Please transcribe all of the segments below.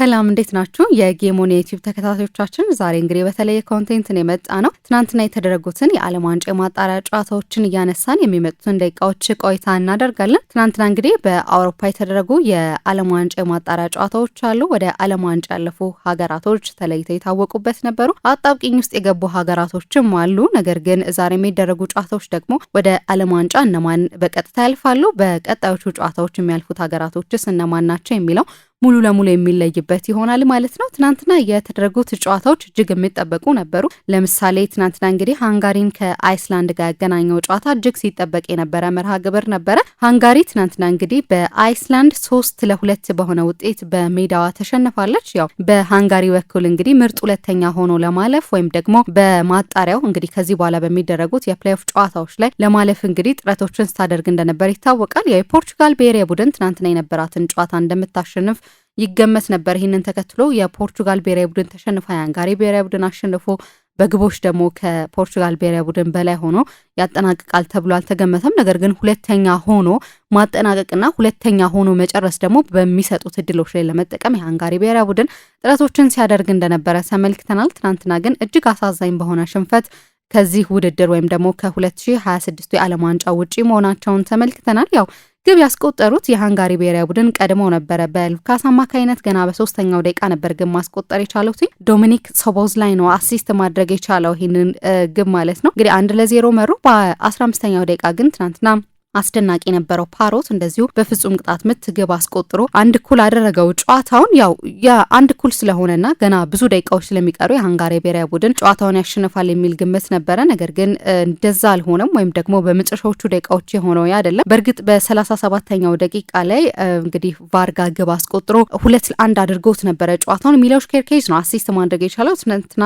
ሰላም እንዴት ናችሁ? የጌሞን የዩቲዩብ ተከታታዮቻችን፣ ዛሬ እንግዲህ በተለየ ኮንቴንትን የመጣ ነው። ትናንትና የተደረጉትን የዓለም ዋንጫ የማጣሪያ ጨዋታዎችን እያነሳን የሚመጡትን ደቂቃዎች ቆይታ እናደርጋለን። ትናንትና እንግዲህ በአውሮፓ የተደረጉ የዓለም ዋንጫ የማጣሪያ ጨዋታዎች አሉ። ወደ ዓለም ዋንጫ ያለፉ ሀገራቶች ተለይተው የታወቁበት ነበሩ። አጣብቂኝ ውስጥ የገቡ ሀገራቶችም አሉ። ነገር ግን ዛሬ የሚደረጉ ጨዋታዎች ደግሞ ወደ ዓለም ዋንጫ እነማን በቀጥታ ያልፋሉ፣ በቀጣዮቹ ጨዋታዎች የሚያልፉት ሀገራቶችስ እነማን ናቸው የሚለው ሙሉ ለሙሉ የሚለይበት ይሆናል ማለት ነው። ትናንትና የተደረጉት ጨዋታዎች እጅግ የሚጠበቁ ነበሩ። ለምሳሌ ትናንትና እንግዲህ ሃንጋሪን ከአይስላንድ ጋር ያገናኘው ጨዋታ እጅግ ሲጠበቅ የነበረ መርሃ ግብር ነበረ። ሃንጋሪ ትናንትና እንግዲህ በአይስላንድ ሶስት ለሁለት በሆነ ውጤት በሜዳዋ ተሸንፋለች። ያው በሃንጋሪ በኩል እንግዲህ ምርጥ ሁለተኛ ሆኖ ለማለፍ ወይም ደግሞ በማጣሪያው እንግዲህ ከዚህ በኋላ በሚደረጉት የፕሌይኦፍ ጨዋታዎች ላይ ለማለፍ እንግዲህ ጥረቶችን ስታደርግ እንደነበር ይታወቃል። ያው የፖርቹጋል ብሔራዊ ቡድን ትናንትና የነበራትን ጨዋታ እንደምታሸንፍ ይገመት ነበር። ይህንን ተከትሎ የፖርቹጋል ብሔራዊ ቡድን ተሸንፎ የሃንጋሪ ብሔራዊ ቡድን አሸንፎ በግቦች ደግሞ ከፖርቹጋል ብሔራዊ ቡድን በላይ ሆኖ ያጠናቅቃል ተብሎ አልተገመተም። ነገር ግን ሁለተኛ ሆኖ ማጠናቀቅና ሁለተኛ ሆኖ መጨረስ ደግሞ በሚሰጡት እድሎች ላይ ለመጠቀም የሃንጋሪ ብሔራዊ ቡድን ጥረቶችን ሲያደርግ እንደነበረ ተመልክተናል። ትናንትና ግን እጅግ አሳዛኝ በሆነ ሽንፈት ከዚህ ውድድር ወይም ደግሞ ከ2026 የዓለም ዋንጫ ውጪ መሆናቸውን ተመልክተናል። ያው ግብ ያስቆጠሩት የሃንጋሪ ብሔራዊ ቡድን ቀድሞ ነበረ። በሉካስ አማካኝነት ገና በሶስተኛው ደቂቃ ነበር ግብ ማስቆጠር የቻሉት ዶሚኒክ ሶቦዝ ላይ ነው አሲስት ማድረግ የቻለው ይህንን ግብ ማለት ነው። እንግዲህ አንድ ለዜሮ መሩ። በአስራ አምስተኛው ደቂቃ ግን ትናንትና አስደናቂ የነበረው ፓሮት እንደዚሁ በፍጹም ቅጣት ምት ግብ አስቆጥሮ አንድ እኩል አደረገው ጨዋታውን። ያው የአንድ እኩል ስለሆነና ገና ብዙ ደቂቃዎች ስለሚቀሩ የሀንጋሪ ብሔራዊ ቡድን ጨዋታውን ያሸንፋል የሚል ግምት ነበረ። ነገር ግን እንደዛ አልሆነም፣ ወይም ደግሞ በመጨረሻዎቹ ደቂቃዎች የሆነው አይደለም። በእርግጥ በሰላሳ ሰባተኛው ደቂቃ ላይ እንግዲህ ቫርጋ ግብ አስቆጥሮ ሁለት ለአንድ አድርጎት ነበረ ጨዋታውን። ሚሎሽ ኬርኬዝ ነው አሲስት ማድረግ የቻለው ትናንትና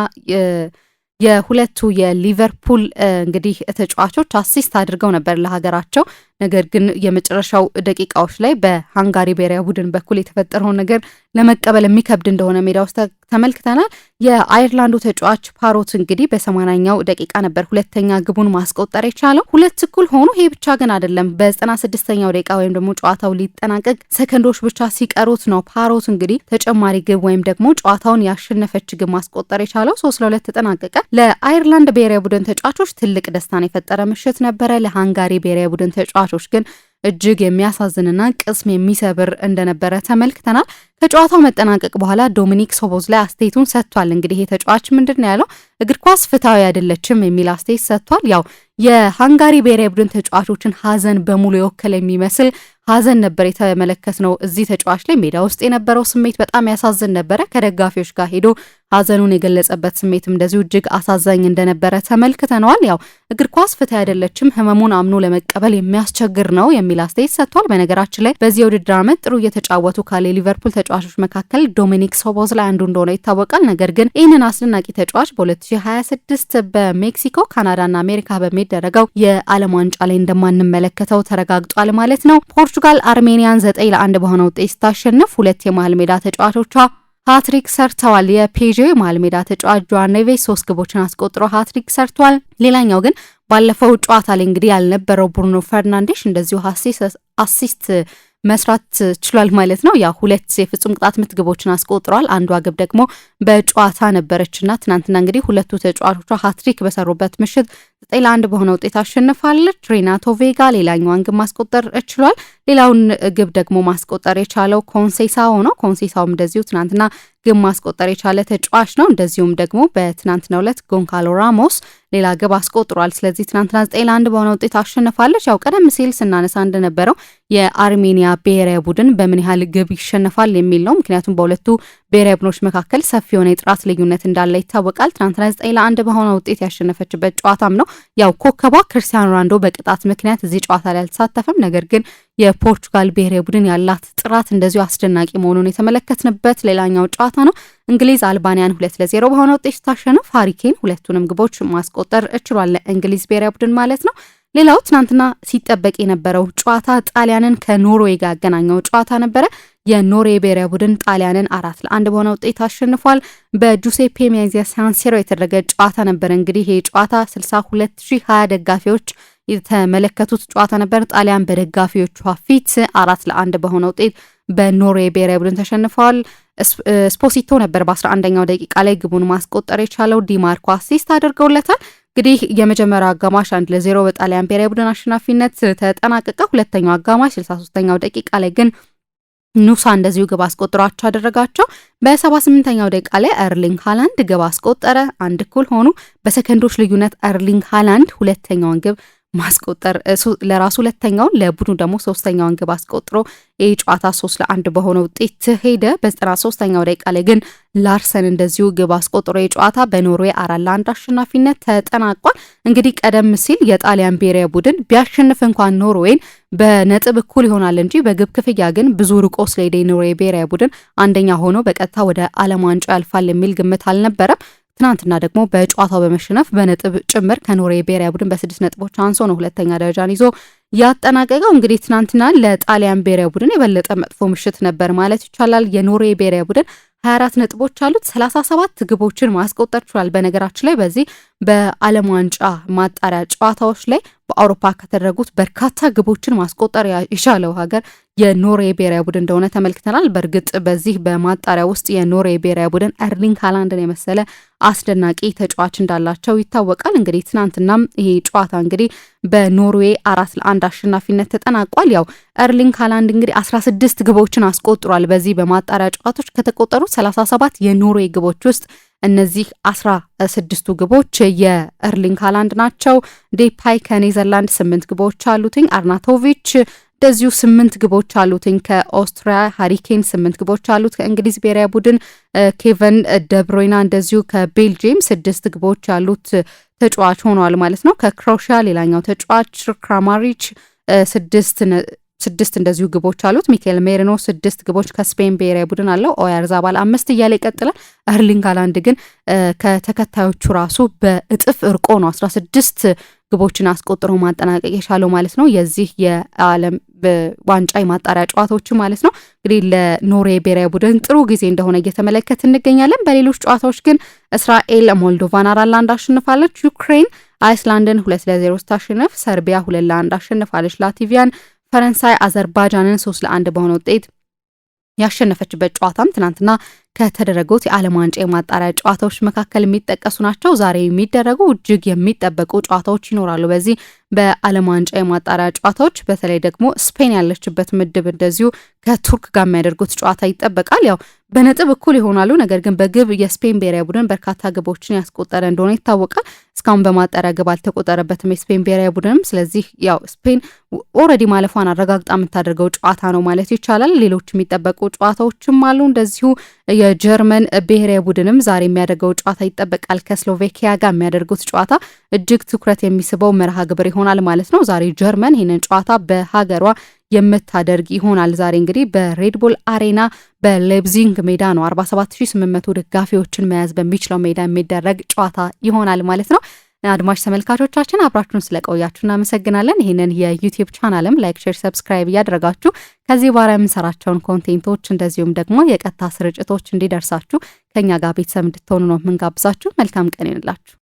የሁለቱ የሊቨርፑል እንግዲህ ተጫዋቾች አሲስት አድርገው ነበር ለሀገራቸው። ነገር ግን የመጨረሻው ደቂቃዎች ላይ በሃንጋሪ ብሔራዊ ቡድን በኩል የተፈጠረውን ነገር ለመቀበል የሚከብድ እንደሆነ ሜዳ ውስጥ ተመልክተናል። የአየርላንዱ ተጫዋች ፓሮት እንግዲህ በሰማናኛው ደቂቃ ነበር ሁለተኛ ግቡን ማስቆጠር የቻለው። ሁለት እኩል ሆኑ። ይሄ ብቻ ግን አይደለም። በዘጠና ስድስተኛው ደቂቃ ወይም ደግሞ ጨዋታው ሊጠናቀቅ ሰከንዶች ብቻ ሲቀሩት ነው ፓሮት እንግዲህ ተጨማሪ ግብ ወይም ደግሞ ጨዋታውን ያሸነፈች ግብ ማስቆጠር የቻለው። ሶስት ለሁለት ተጠናቀቀ። ለአየርላንድ ብሔራዊ ቡድን ተጫዋቾች ትልቅ ደስታን የፈጠረ ምሽት ነበረ። ለሃንጋሪ ብሔራዊ ቡድን ተጫዋቾች ተጫዋቾች ግን እጅግ የሚያሳዝንና ቅስም የሚሰብር እንደነበረ ተመልክተናል። ከጨዋታው መጠናቀቅ በኋላ ዶሚኒክ ሶቦዝ ላይ አስተያየቱን ሰጥቷል። እንግዲህ ይሄ ተጫዋች ምንድን ነው ያለው? እግር ኳስ ፍትሐዊ አይደለችም የሚል አስተያየት ሰጥቷል። ያው የሃንጋሪ ብሔራዊ ቡድን ተጫዋቾችን ሀዘን በሙሉ የወከለ የሚመስል ሀዘን ነበር የተመለከት ነው እዚህ ተጫዋች ላይ። ሜዳ ውስጥ የነበረው ስሜት በጣም ያሳዝን ነበረ። ከደጋፊዎች ጋር ሄዶ ሀዘኑን የገለጸበት ስሜትም እንደዚሁ እጅግ አሳዛኝ እንደነበረ ተመልክተነዋል። ያው እግር ኳስ ፍትህ አይደለችም፣ ህመሙን አምኖ ለመቀበል የሚያስቸግር ነው የሚል አስተያየት ሰጥቷል። በነገራችን ላይ በዚህ የውድድር ዓመት ጥሩ እየተጫወቱ ካለ የሊቨርፑል ተጫዋቾች መካከል ዶሚኒክ ላይ አንዱ እንደሆነ ይታወቃል። ነገር ግን ይህንን አስደናቂ ተጫዋች በ2026 በሜክሲኮ ካናዳና አሜሪካ በሚደረገው የዓለም ዋንጫ ላይ እንደማንመለከተው ተረጋግጧል ማለት ነው። ፖርቹጋል አርሜኒያን ዘጠኝ ለአንድ በሆነ ውጤት ስታሸንፍ ሁለት የመሀል ሜዳ ተጫዋቾቿ ሀትሪክ ሰርተዋል። የፔዥ የመሀል ሜዳ ተጫዋች ጆዋን ኔቬስ ሶስት ግቦችን አስቆጥሮ ሃትሪክ ሰርተዋል። ሌላኛው ግን ባለፈው ጨዋታ ላይ እንግዲህ ያልነበረው ብሩኖ ፈርናንዴሽ እንደዚሁ አሲስት መስራት ችሏል ማለት ነው። ያ ሁለት የፍጹም ቅጣት ምት ግቦችን አስቆጥሯል አንዷ ግብ ደግሞ በጨዋታ ነበረችና ትናንትና እንግዲህ ሁለቱ ተጫዋቾቿ ሀትሪክ በሰሩበት ምሽት ዘጠኝ ለአንድ በሆነ ውጤት አሸንፋለች። ሬናቶ ቬጋ ሌላኛዋን ግብ ማስቆጠር ችሏል። ሌላውን ግብ ደግሞ ማስቆጠር የቻለው ኮንሴሳ ነው። ኮንሴሳውም እንደዚሁ ትናንትና ግብ ማስቆጠር የቻለ ተጫዋች ነው። እንደዚሁም ደግሞ በትናንትናው ዕለት ጎንካሎ ራሞስ ሌላ ግብ አስቆጥሯል። ስለዚህ ትናንትና ዘጠኝ ለአንድ በሆነ ውጤት አሸንፋለች። ያው ቀደም ሲል ስናነሳ እንደነበረው የአርሜኒያ ብሔራዊ ቡድን በምን ያህል ግብ ይሸነፋል የሚል ነው። ምክንያቱም በሁለቱ ብሔራዊ ቡድኖች መካከል ሰፊ የሆነ የጥራት ልዩነት እንዳለ ይታወቃል። ትናንትና ዘጠኝ ለአንድ በሆነ ውጤት ያሸነፈችበት ጨዋታም ነው። ያው ኮከቧ ክርስቲያኖ ሮናልዶ በቅጣት ምክንያት እዚህ ጨዋታ ላይ አልተሳተፈም። ነገር ግን የፖርቹጋል ብሔራዊ ቡድን ያላት ጥራት እንደዚሁ አስደናቂ መሆኑን የተመለከትንበት ሌላኛው ጨዋታ ነው። እንግሊዝ አልባኒያን ሁለት ለዜሮ በሆነ ውጤት ስታሸንፍ ሀሪኬን ሁለቱንም ግቦች ማስቆጠር እችሏል፣ እንግሊዝ ብሔራዊ ቡድን ማለት ነው። ሌላው ትናንትና ሲጠበቅ የነበረው ጨዋታ ጣሊያንን ከኖርዌይ ጋር ያገናኘው ጨዋታ ነበረ። የኖሬ ብሔራዊ ቡድን ጣሊያንን አራት ለአንድ በሆነ ውጤት አሸንፏል። በጁሴፔ ሚያዚያ ሳንሴሮ የተደረገ ጨዋታ ነበር። እንግዲህ ይህ ጨዋታ 62020 ደጋፊዎች የተመለከቱት ጨዋታ ነበር። ጣሊያን በደጋፊዎቿ ፊት አራት ለአንድ በሆነ ውጤት በኖሬ ብሔራዊ ቡድን ተሸንፈዋል። ስፖሲቶ ነበር በ11ኛው ደቂቃ ላይ ግቡን ማስቆጠር የቻለው ዲማርኮ አሲስት አድርገውለታል። እንግዲህ የመጀመሪያው አጋማሽ አንድ ለዜሮ በጣሊያን ብሔራዊ ቡድን አሸናፊነት ተጠናቀቀ። ሁለተኛው አጋማሽ 63ኛው ደቂቃ ላይ ግን ኑሳ እንደዚሁ ግብ አስቆጥሯቸው አደረጋቸው። በ78ኛው ደቂቃ ላይ ኤርሊንግ ሃላንድ ግብ አስቆጠረ። አንድ እኩል ሆኑ። በሰከንዶች ልዩነት ኤርሊንግ ሃላንድ ሁለተኛውን ግብ ማስቆጠር ለራሱ ሁለተኛውን ለቡድኑ ደግሞ ሶስተኛውን ግብ አስቆጥሮ ይህ ጨዋታ ሶስት ለአንድ በሆነ ውጤት ሄደ። በዘጠና ሶስተኛው ደቂቃ ላይ ግን ላርሰን እንደዚሁ ግብ አስቆጥሮ የጨዋታ በኖርዌይ አራት ለአንድ አሸናፊነት ተጠናቋል። እንግዲህ ቀደም ሲል የጣሊያን ብሔራዊ ቡድን ቢያሸንፍ እንኳን ኖርዌይን በነጥብ እኩል ይሆናል እንጂ በግብ ክፍያ ግን ብዙ ርቆ ስለሄደ የኖርዌይ ብሔራዊ ቡድን አንደኛ ሆኖ በቀጥታ ወደ ዓለም ዋንጫ ያልፋል የሚል ግምት አልነበረም። ትናንትና ደግሞ በጨዋታው በመሸነፍ በነጥብ ጭምር ከኖርዌይ ብሔራዊ ቡድን በስድስት ነጥቦች አንሶ ነው ሁለተኛ ደረጃን ይዞ ያጠናቀቀው እንግዲህ ትናንትና ለጣሊያን ብሔራዊ ቡድን የበለጠ መጥፎ ምሽት ነበር ማለት ይቻላል። የኖርዌይ ብሔራዊ ቡድን 24 ነጥቦች አሉት። 37 ግቦችን ማስቆጠር ችሏል። በነገራችን ላይ በዚህ በዓለም ዋንጫ ማጣሪያ ጨዋታዎች ላይ በአውሮፓ ከተደረጉት በርካታ ግቦችን ማስቆጠር የቻለው ሀገር የኖርዌይ ብሔራዊ ቡድን እንደሆነ ተመልክተናል። በእርግጥ በዚህ በማጣሪያ ውስጥ የኖርዌይ ብሔራዊ ቡድን ኤርሊንግ ሃላንድን የመሰለ አስደናቂ ተጫዋች እንዳላቸው ይታወቃል። እንግዲህ ትናንትናም ይሄ ጨዋታ እንግዲህ በኖርዌይ አራት ለአንድ አሸናፊነት ተጠናቋል። ያው ኤርሊንግ ሃላንድ እንግዲህ 16 ግቦችን አስቆጥሯል። በዚህ በማጣሪያ ጨዋታዎች ከተቆጠሩ 37 የኖርዌይ ግቦች ውስጥ እነዚህ አስራ ስድስቱ ግቦች የኤርሊንግ ሃላንድ ናቸው። ዴፓይ ከኔዘርላንድ ስምንት ግቦች አሉትኝ። አርናቶቪች እንደዚሁ ስምንት ግቦች አሉትኝ ከኦስትሪያ። ሃሪኬን ስምንት ግቦች አሉት ከእንግሊዝ ብሔራዊ ቡድን። ኬቨን ደብሮይና እንደዚሁ ከቤልጅየም ስድስት ግቦች አሉት ተጫዋች ሆኗል ማለት ነው። ከክሮሽያ ሌላኛው ተጫዋች ክራማሪች ስድስት ስድስት እንደዚሁ ግቦች አሉት። ሚካኤል ሜሪኖ ስድስት ግቦች ከስፔን ብሔራዊ ቡድን አለው። ኦያርዛባል አምስት እያለ ይቀጥላል። እርሊንግ ሃላንድ ግን ከተከታዮቹ ራሱ በእጥፍ እርቆ ነው አስራ ስድስት ግቦችን አስቆጥሮ ማጠናቀቅ የቻለው ማለት ነው። የዚህ የዓለም ዋንጫ የማጣሪያ ጨዋታዎቹ ማለት ነው እንግዲህ ለኖርዌይ ብሔራዊ ቡድን ጥሩ ጊዜ እንደሆነ እየተመለከት እንገኛለን። በሌሎች ጨዋታዎች ግን እስራኤል ሞልዶቫን አራት ለአንድ አሸንፋለች። ዩክሬን አይስላንድን ሁለት ለዜሮ ስታሸንፍ፣ ሰርቢያ ሁለት ለአንድ አሸንፋለች። ላቲቪያን ፈረንሳይ አዘርባጃንን ሶስት ለአንድ በሆነ ውጤት ያሸነፈችበት ጨዋታም ትናንትና ከተደረጉት የዓለም ዋንጫ የማጣሪያ ጨዋታዎች መካከል የሚጠቀሱ ናቸው። ዛሬ የሚደረጉ እጅግ የሚጠበቁ ጨዋታዎች ይኖራሉ። በዚህ በዓለም ዋንጫ የማጣሪያ ጨዋታዎች በተለይ ደግሞ ስፔን ያለችበት ምድብ እንደዚሁ ከቱርክ ጋር የሚያደርጉት ጨዋታ ይጠበቃል። ያው በነጥብ እኩል ይሆናሉ። ነገር ግን በግብ የስፔን ብሔራዊ ቡድን በርካታ ግቦችን ያስቆጠረ እንደሆነ ይታወቃል። እስካሁን በማጣሪያ ግብ አልተቆጠረበትም የስፔን ብሔራዊ ቡድንም። ስለዚህ ያው ስፔን ኦልሬዲ ማለፏን አረጋግጣ የምታደርገው ጨዋታ ነው ማለት ይቻላል። ሌሎች የሚጠበቁ ጨዋታዎችም አሉ። እንደዚሁ የጀርመን ብሔራዊ ቡድንም ዛሬ የሚያደርገው ጨዋታ ይጠበቃል። ከስሎቬኪያ ጋር የሚያደርጉት ጨዋታ እጅግ ትኩረት የሚስበው መርሃ ግብር ይሆናል ማለት ነው። ዛሬ ጀርመን ይህንን ጨዋታ በሀገሯ የምታደርግ ይሆናል። ዛሬ እንግዲህ በሬድቡል አሬና በሌብዚንግ ሜዳ ነው 47800 ደጋፊዎችን መያዝ በሚችለው ሜዳ የሚደረግ ጨዋታ ይሆናል ማለት ነው። አድማጭ ተመልካቾቻችን አብራችሁን ስለቆያችሁ እናመሰግናለን። ይህንን የዩቲዩብ ቻናልም ላይክ፣ ሼር፣ ሰብስክራይብ እያደረጋችሁ ከዚህ በኋላ የምንሰራቸውን ኮንቴንቶች እንደዚሁም ደግሞ የቀጥታ ስርጭቶች እንዲደርሳችሁ ከእኛ ጋር ቤተሰብ እንድትሆኑ ነው የምንጋብዛችሁ። መልካም ቀን ይንላችሁ።